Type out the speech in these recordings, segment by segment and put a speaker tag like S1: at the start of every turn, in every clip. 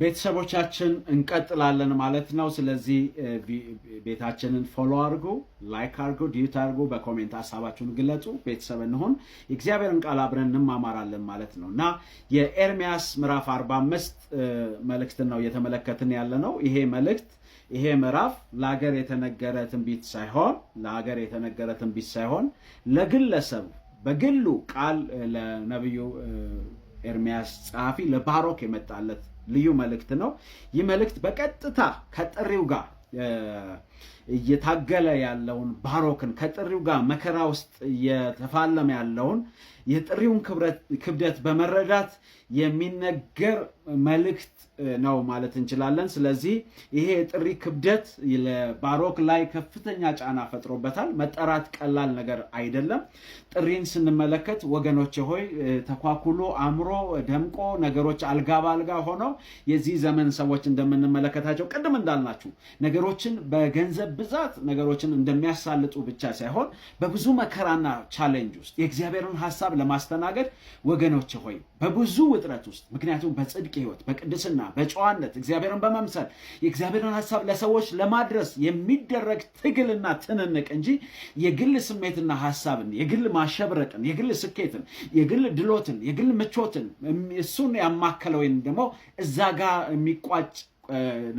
S1: ቤተሰቦቻችን እንቀጥላለን ማለት ነው። ስለዚህ ቤታችንን ፎሎ አድርጉ፣ ላይክ አድርጉ፣ ዲዩት አድርጉ፣ በኮሜንት ሀሳባችሁን ግለጹ። ቤተሰብ እንሆን፣ የእግዚአብሔርን ቃል አብረን እንማማራለን ማለት ነው እና የኤርሚያስ ምዕራፍ 45 መልእክትን ነው እየተመለከትን ያለ ነው። ይሄ መልእክት ይሄ ምዕራፍ ለሀገር የተነገረ ትንቢት ሳይሆን ለሀገር የተነገረ ትንቢት ሳይሆን ለግለሰብ በግሉ ቃል ለነብዩ ኤርሚያስ ጸሐፊ ለባሮክ የመጣለት ልዩ መልእክት ነው። ይህ መልእክት በቀጥታ ከጥሪው ጋር እየታገለ ያለውን ባሮክን ከጥሪው ጋር መከራ ውስጥ እየተፋለመ ያለውን የጥሪውን ክብደት በመረዳት የሚነገር መልእክት ነው ማለት እንችላለን። ስለዚህ ይሄ የጥሪ ክብደት ለባሮክ ላይ ከፍተኛ ጫና ፈጥሮበታል። መጠራት ቀላል ነገር አይደለም። ጥሪን ስንመለከት ወገኖች ሆይ ተኳኩሎ አምሮ ደምቆ ነገሮች አልጋ በአልጋ ሆነው የዚህ ዘመን ሰዎች እንደምንመለከታቸው ቅድም እንዳልናችሁ ነገሮችን በገን የገንዘብ ብዛት ነገሮችን እንደሚያሳልጡ ብቻ ሳይሆን በብዙ መከራና ቻሌንጅ ውስጥ የእግዚአብሔርን ሀሳብ ለማስተናገድ ወገኖች ሆይ በብዙ ውጥረት ውስጥ ምክንያቱም በጽድቅ ህይወት፣ በቅድስና በጨዋነት እግዚአብሔርን በመምሰል የእግዚአብሔርን ሀሳብ ለሰዎች ለማድረስ የሚደረግ ትግልና ትንንቅ እንጂ የግል ስሜትና ሀሳብን የግል ማሸብረቅን የግል ስኬትን የግል ድሎትን የግል ምቾትን እሱን ያማከለ ወይም ደግሞ እዛ ጋር የሚቋጭ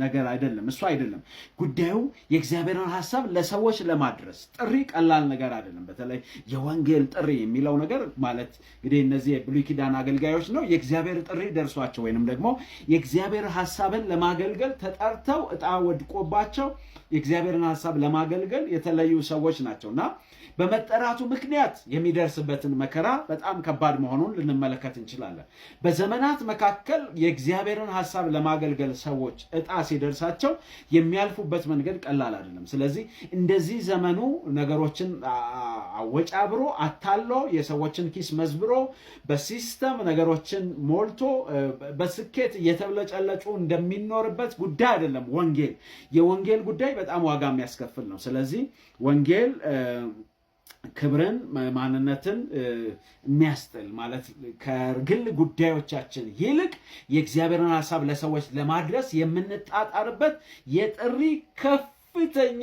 S1: ነገር አይደለም። እሱ አይደለም ጉዳዩ። የእግዚአብሔርን ሀሳብ ለሰዎች ለማድረስ ጥሪ ቀላል ነገር አይደለም። በተለይ የወንጌል ጥሪ የሚለው ነገር ማለት እንግዲህ እነዚህ የብሉይ ኪዳን አገልጋዮች ነው የእግዚአብሔር ጥሪ ደርሷቸው ወይንም ደግሞ የእግዚአብሔር ሀሳብን ለማገልገል ተጠርተው እጣ ወድቆባቸው የእግዚአብሔርን ሀሳብ ለማገልገል የተለዩ ሰዎች ናቸው እና በመጠራቱ ምክንያት የሚደርስበትን መከራ በጣም ከባድ መሆኑን ልንመለከት እንችላለን። በዘመናት መካከል የእግዚአብሔርን ሐሳብ ለማገልገል ሰዎች እጣ ሲደርሳቸው የሚያልፉበት መንገድ ቀላል አይደለም። ስለዚህ እንደዚህ ዘመኑ ነገሮችን አወጫብሮ አታሎ የሰዎችን ኪስ መዝብሮ በሲስተም ነገሮችን ሞልቶ በስኬት እየተብለጨለጩ እንደሚኖርበት ጉዳይ አይደለም ወንጌል። የወንጌል ጉዳይ በጣም ዋጋ የሚያስከፍል ነው። ስለዚህ ወንጌል ክብርን ማንነትን የሚያስጥል ማለት ከግል ጉዳዮቻችን ይልቅ የእግዚአብሔርን ሀሳብ ለሰዎች ለማድረስ የምንጣጣርበት የጥሪ ከፍተኛ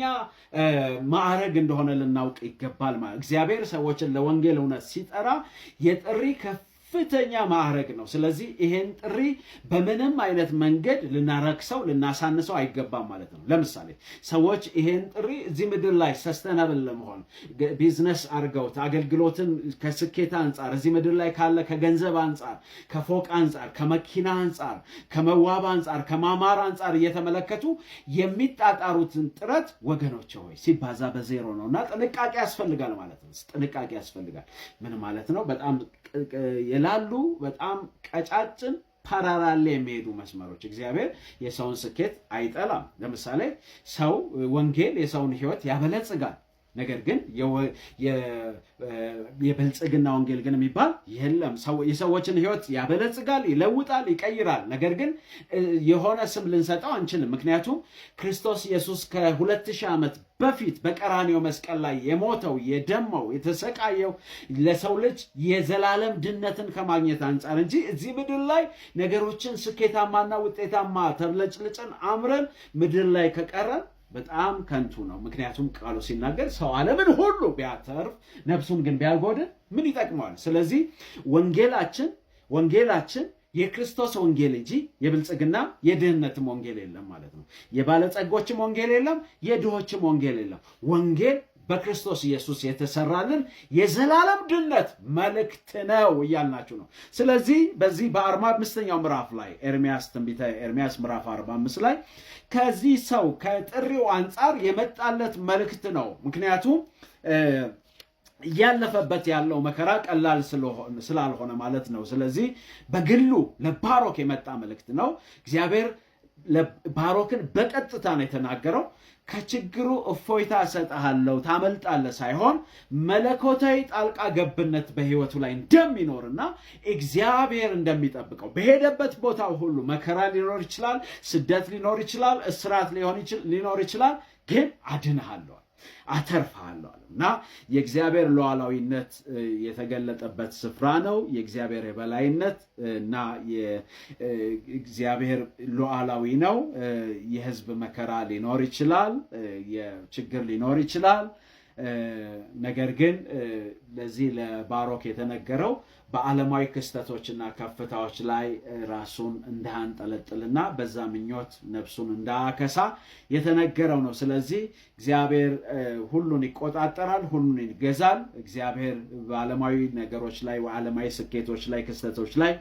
S1: ማዕረግ እንደሆነ ልናውቅ ይገባል። ማለት እግዚአብሔር ሰዎችን ለወንጌል እውነት ሲጠራ የጥሪ ከፍ ከፍተኛ ማዕረግ ነው። ስለዚህ ይሄን ጥሪ በምንም አይነት መንገድ ልናረክሰው ልናሳንሰው አይገባም ማለት ነው። ለምሳሌ ሰዎች ይሄን ጥሪ እዚህ ምድር ላይ ሰስተናብል ለመሆን ቢዝነስ አድርገውት አገልግሎትን ከስኬት አንጻር እዚህ ምድር ላይ ካለ ከገንዘብ አንጻር፣ ከፎቅ አንጻር፣ ከመኪና አንጻር፣ ከመዋብ አንጻር፣ ከማማር አንጻር እየተመለከቱ የሚጣጣሩትን ጥረት ወገኖች ሆይ ሲባዛ በዜሮ ነው እና ጥንቃቄ ያስፈልጋል ማለት ነው። ጥንቃቄ ያስፈልጋል ምን ማለት ነው? በጣም ላሉ በጣም ቀጫጭን ፓራላል የሚሄዱ መስመሮች እግዚአብሔር የሰውን ስኬት አይጠላም። ለምሳሌ ሰው ወንጌል የሰውን ሕይወት ያበለጽጋል። ነገር ግን የብልጽግና ወንጌል ግን የሚባል የለም። የሰዎችን ህይወት ያበለጽጋል፣ ይለውጣል፣ ይቀይራል። ነገር ግን የሆነ ስም ልንሰጠው አንችልም። ምክንያቱም ክርስቶስ ኢየሱስ ከሁለት ሺህ ዓመት በፊት በቀራኔው መስቀል ላይ የሞተው የደማው የተሰቃየው ለሰው ልጅ የዘላለም ድነትን ከማግኘት አንጻር እንጂ እዚህ ምድር ላይ ነገሮችን ስኬታማና ውጤታማ ተብለጭልጭን አምረን ምድር ላይ ከቀረን በጣም ከንቱ ነው። ምክንያቱም ቃሉ ሲናገር ሰው ዓለምን ሁሉ ቢያተርፍ ነፍሱን ግን ቢያጎድን ምን ይጠቅመዋል? ስለዚህ ወንጌላችን ወንጌላችን የክርስቶስ ወንጌል እንጂ የብልጽግና የድህነትም ወንጌል የለም ማለት ነው። የባለጸጎችም ወንጌል የለም፣ የድሆችም ወንጌል የለም። ወንጌል በክርስቶስ ኢየሱስ የተሰራልን የዘላለም ድነት መልእክት ነው እያልናችሁ ነው። ስለዚህ በዚህ በአርባ አምስተኛው ምዕራፍ ላይ ኤርሚያስ ትንቢተ ኤርሚያስ ምዕራፍ አርባ አምስት ላይ ከዚህ ሰው ከጥሪው አንጻር የመጣለት መልእክት ነው። ምክንያቱም እያለፈበት ያለው መከራ ቀላል ስላልሆነ ማለት ነው። ስለዚህ በግሉ ለባሮክ የመጣ መልእክት ነው። እግዚአብሔር ባሮክን በቀጥታ ነው የተናገረው። ከችግሩ እፎይታ እሰጥሃለሁ ታመልጣለ ሳይሆን መለኮታዊ ጣልቃ ገብነት በህይወቱ ላይ እንደሚኖርና እግዚአብሔር እንደሚጠብቀው በሄደበት ቦታ ሁሉ መከራ ሊኖር ይችላል፣ ስደት ሊኖር ይችላል፣ እስራት ሊኖር ይችላል፣ ግን አድንሃለዋል። አተርፋለሁ አለ እና የእግዚአብሔር ሉዓላዊነት የተገለጠበት ስፍራ ነው። የእግዚአብሔር የበላይነት እና የእግዚአብሔር ሉዓላዊ ነው። የህዝብ መከራ ሊኖር ይችላል። የችግር ሊኖር ይችላል። ነገር ግን ለዚህ ለባሮክ የተነገረው በዓለማዊ ክስተቶችና ከፍታዎች ላይ ራሱን እንዳንጠለጥልና በዛ ምኞት ነፍሱን እንዳከሳ የተነገረው ነው። ስለዚህ እግዚአብሔር ሁሉን ይቆጣጠራል፣ ሁሉን ይገዛል። እግዚአብሔር በዓለማዊ ነገሮች ላይ በዓለማዊ ስኬቶች ላይ ክስተቶች ላይ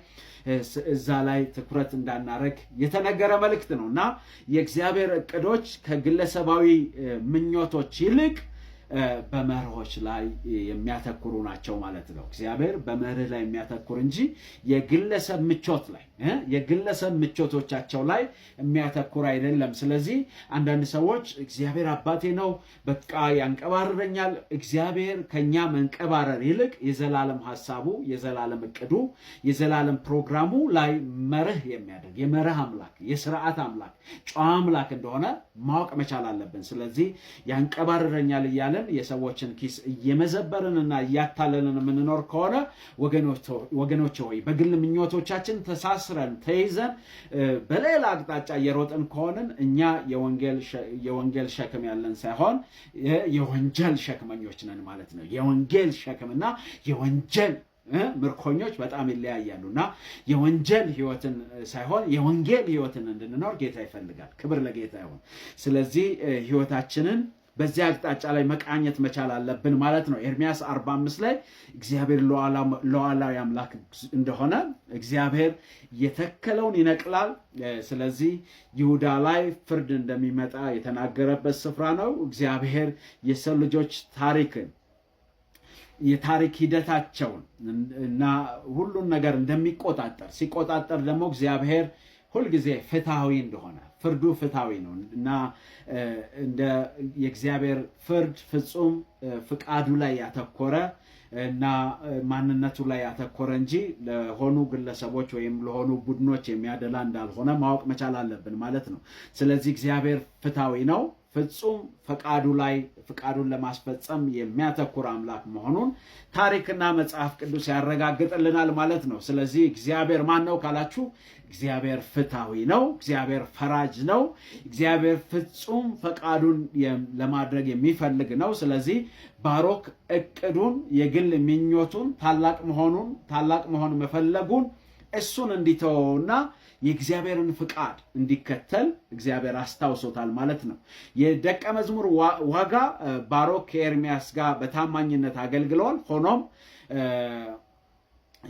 S1: እዛ ላይ ትኩረት እንዳናረግ የተነገረ መልእክት ነው እና የእግዚአብሔር እቅዶች ከግለሰባዊ ምኞቶች ይልቅ በመርሆች ላይ የሚያተኩሩ ናቸው ማለት ነው። እግዚአብሔር በመርህ ላይ የሚያተኩር እንጂ የግለሰብ ምቾት ላይ የግለሰብ ምቾቶቻቸው ላይ የሚያተኩር አይደለም። ስለዚህ አንዳንድ ሰዎች እግዚአብሔር አባቴ ነው፣ በቃ ያንቀባርረኛል። እግዚአብሔር ከኛ መንቀባረር ይልቅ የዘላለም ሀሳቡ፣ የዘላለም እቅዱ፣ የዘላለም ፕሮግራሙ ላይ መርህ የሚያደርግ የመርህ አምላክ፣ የስርዓት አምላክ፣ ጨዋ አምላክ እንደሆነ ማወቅ መቻል አለብን። ስለዚህ ያንቀባርረኛል እያለ እያልን የሰዎችን ኪስ እየመዘበርንና እያታለልን የምንኖር ከሆነ ወገኖች ወይ በግል ምኞቶቻችን ተሳስረን ተይዘን በሌላ አቅጣጫ እየሮጥን ከሆንን እኛ የወንጌል ሸክም ያለን ሳይሆን የወንጀል ሸክመኞች ነን ማለት ነው። የወንጌል ሸክምና የወንጀል ምርኮኞች በጣም ይለያያሉ እና የወንጀል ህይወትን ሳይሆን የወንጌል ህይወትን እንድንኖር ጌታ ይፈልጋል። ክብር ለጌታ ይሁን። ስለዚህ ህይወታችንን በዚያ አቅጣጫ ላይ መቃኘት መቻል አለብን ማለት ነው። ኤርሚያስ 45 ላይ እግዚአብሔር ሉዓላዊ አምላክ እንደሆነ እግዚአብሔር የተከለውን ይነቅላል። ስለዚህ ይሁዳ ላይ ፍርድ እንደሚመጣ የተናገረበት ስፍራ ነው። እግዚአብሔር የሰው ልጆች ታሪክን የታሪክ ሂደታቸውን እና ሁሉን ነገር እንደሚቆጣጠር ሲቆጣጠር ደግሞ እግዚአብሔር ሁልጊዜ ፍትሐዊ እንደሆነ ፍርዱ ፍትሐዊ ነው እና እንደ የእግዚአብሔር ፍርድ ፍጹም ፍቃዱ ላይ ያተኮረ እና ማንነቱ ላይ ያተኮረ እንጂ ለሆኑ ግለሰቦች ወይም ለሆኑ ቡድኖች የሚያደላ እንዳልሆነ ማወቅ መቻል አለብን ማለት ነው። ስለዚህ እግዚአብሔር ፍትሐዊ ነው። ፍጹም ፈቃዱ ላይ ፍቃዱን ለማስፈጸም የሚያተኩር አምላክ መሆኑን ታሪክና መጽሐፍ ቅዱስ ያረጋግጥልናል ማለት ነው። ስለዚህ እግዚአብሔር ማን ነው ካላችሁ፣ እግዚአብሔር ፍትሐዊ ነው። እግዚአብሔር ፈራጅ ነው። እግዚአብሔር ፍጹም ፈቃዱን ለማድረግ የሚፈልግ ነው። ስለዚህ ባሮክ እቅዱን፣ የግል ምኞቱን፣ ታላቅ መሆኑን ታላቅ መሆን መፈለጉን እሱን እንዲተወውና የእግዚአብሔርን ፍቃድ እንዲከተል እግዚአብሔር አስታውሶታል ማለት ነው። የደቀ መዝሙር ዋጋ ባሮክ ከኤርሚያስ ጋር በታማኝነት አገልግለዋል። ሆኖም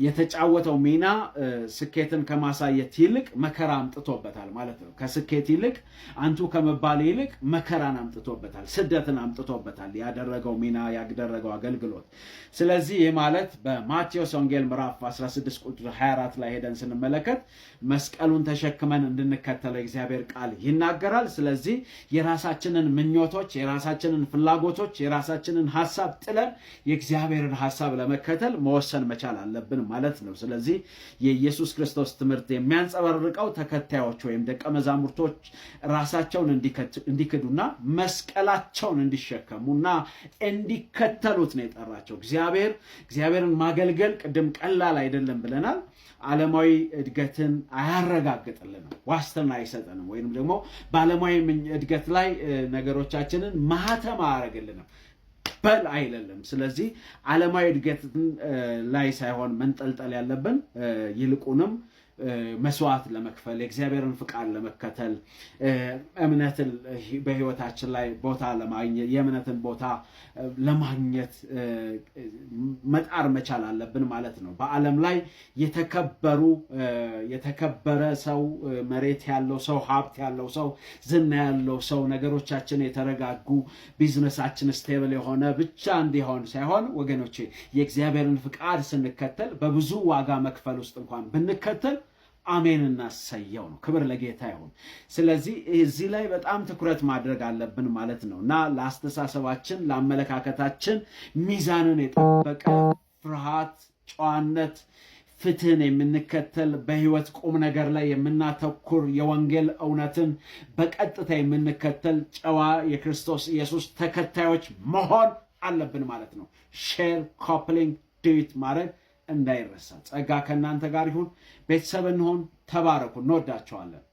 S1: የተጫወተው ሚና ስኬትን ከማሳየት ይልቅ መከራ አምጥቶበታል ማለት ነው። ከስኬት ይልቅ አንቱ ከመባል ይልቅ መከራን አምጥቶበታል፣ ስደትን አምጥቶበታል ያደረገው ሚና ያደረገው አገልግሎት። ስለዚህ ይህ ማለት በማቴዎስ ወንጌል ምዕራፍ 16 ቁጥር 24 ላይ ሄደን ስንመለከት መስቀሉን ተሸክመን እንድንከተለው እግዚአብሔር ቃል ይናገራል። ስለዚህ የራሳችንን ምኞቶች፣ የራሳችንን ፍላጎቶች፣ የራሳችንን ሀሳብ ጥለን የእግዚአብሔርን ሀሳብ ለመከተል መወሰን መቻል አለብን ማለት ነው። ስለዚህ የኢየሱስ ክርስቶስ ትምህርት የሚያንጸባርቀው ተከታዮች ወይም ደቀ መዛሙርቶች ራሳቸውን እንዲክዱና መስቀላቸውን እንዲሸከሙና እንዲከተሉት ነው የጠራቸው። እግዚአብሔር እግዚአብሔርን ማገልገል ቅድም ቀላል አይደለም ብለናል። ዓለማዊ እድገትን አያረጋግጥልንም፣ ዋስትና አይሰጠንም፣ ወይም ደግሞ በዓለማዊ እድገት ላይ ነገሮቻችንን ማህተም አያረግልንም። በል አይለልም። ስለዚህ ዓለማዊ እድገት ላይ ሳይሆን መንጠልጠል ያለብን ይልቁንም መስዋዕት ለመክፈል የእግዚአብሔርን ፍቃድ ለመከተል እምነትን በህይወታችን ላይ ቦታ ለማግኘት የእምነትን ቦታ ለማግኘት መጣር መቻል አለብን ማለት ነው። በዓለም ላይ የተከበሩ የተከበረ ሰው፣ መሬት ያለው ሰው፣ ሀብት ያለው ሰው፣ ዝና ያለው ሰው፣ ነገሮቻችን የተረጋጉ ቢዝነሳችን ስቴብል የሆነ ብቻ እንዲሆን ሳይሆን ወገኖቼ የእግዚአብሔርን ፍቃድ ስንከተል በብዙ ዋጋ መክፈል ውስጥ እንኳን ብንከተል አሜን እናሰየው ነው። ክብር ለጌታ ይሁን። ስለዚህ እዚህ ላይ በጣም ትኩረት ማድረግ አለብን ማለት ነው እና ለአስተሳሰባችን፣ ለአመለካከታችን ሚዛንን የጠበቀ ፍርሃት፣ ጨዋነት ፍትህን የምንከተል በህይወት ቁም ነገር ላይ የምናተኩር የወንጌል እውነትን በቀጥታ የምንከተል ጨዋ የክርስቶስ ኢየሱስ ተከታዮች መሆን አለብን ማለት ነው። ሼር ኮፕሊንግ ድዊት ማድረግ እንዳይረሳ። ጸጋ ከእናንተ ጋር ይሁን። ቤተሰብ እንሆን። ተባረኩ። እንወዳቸዋለን።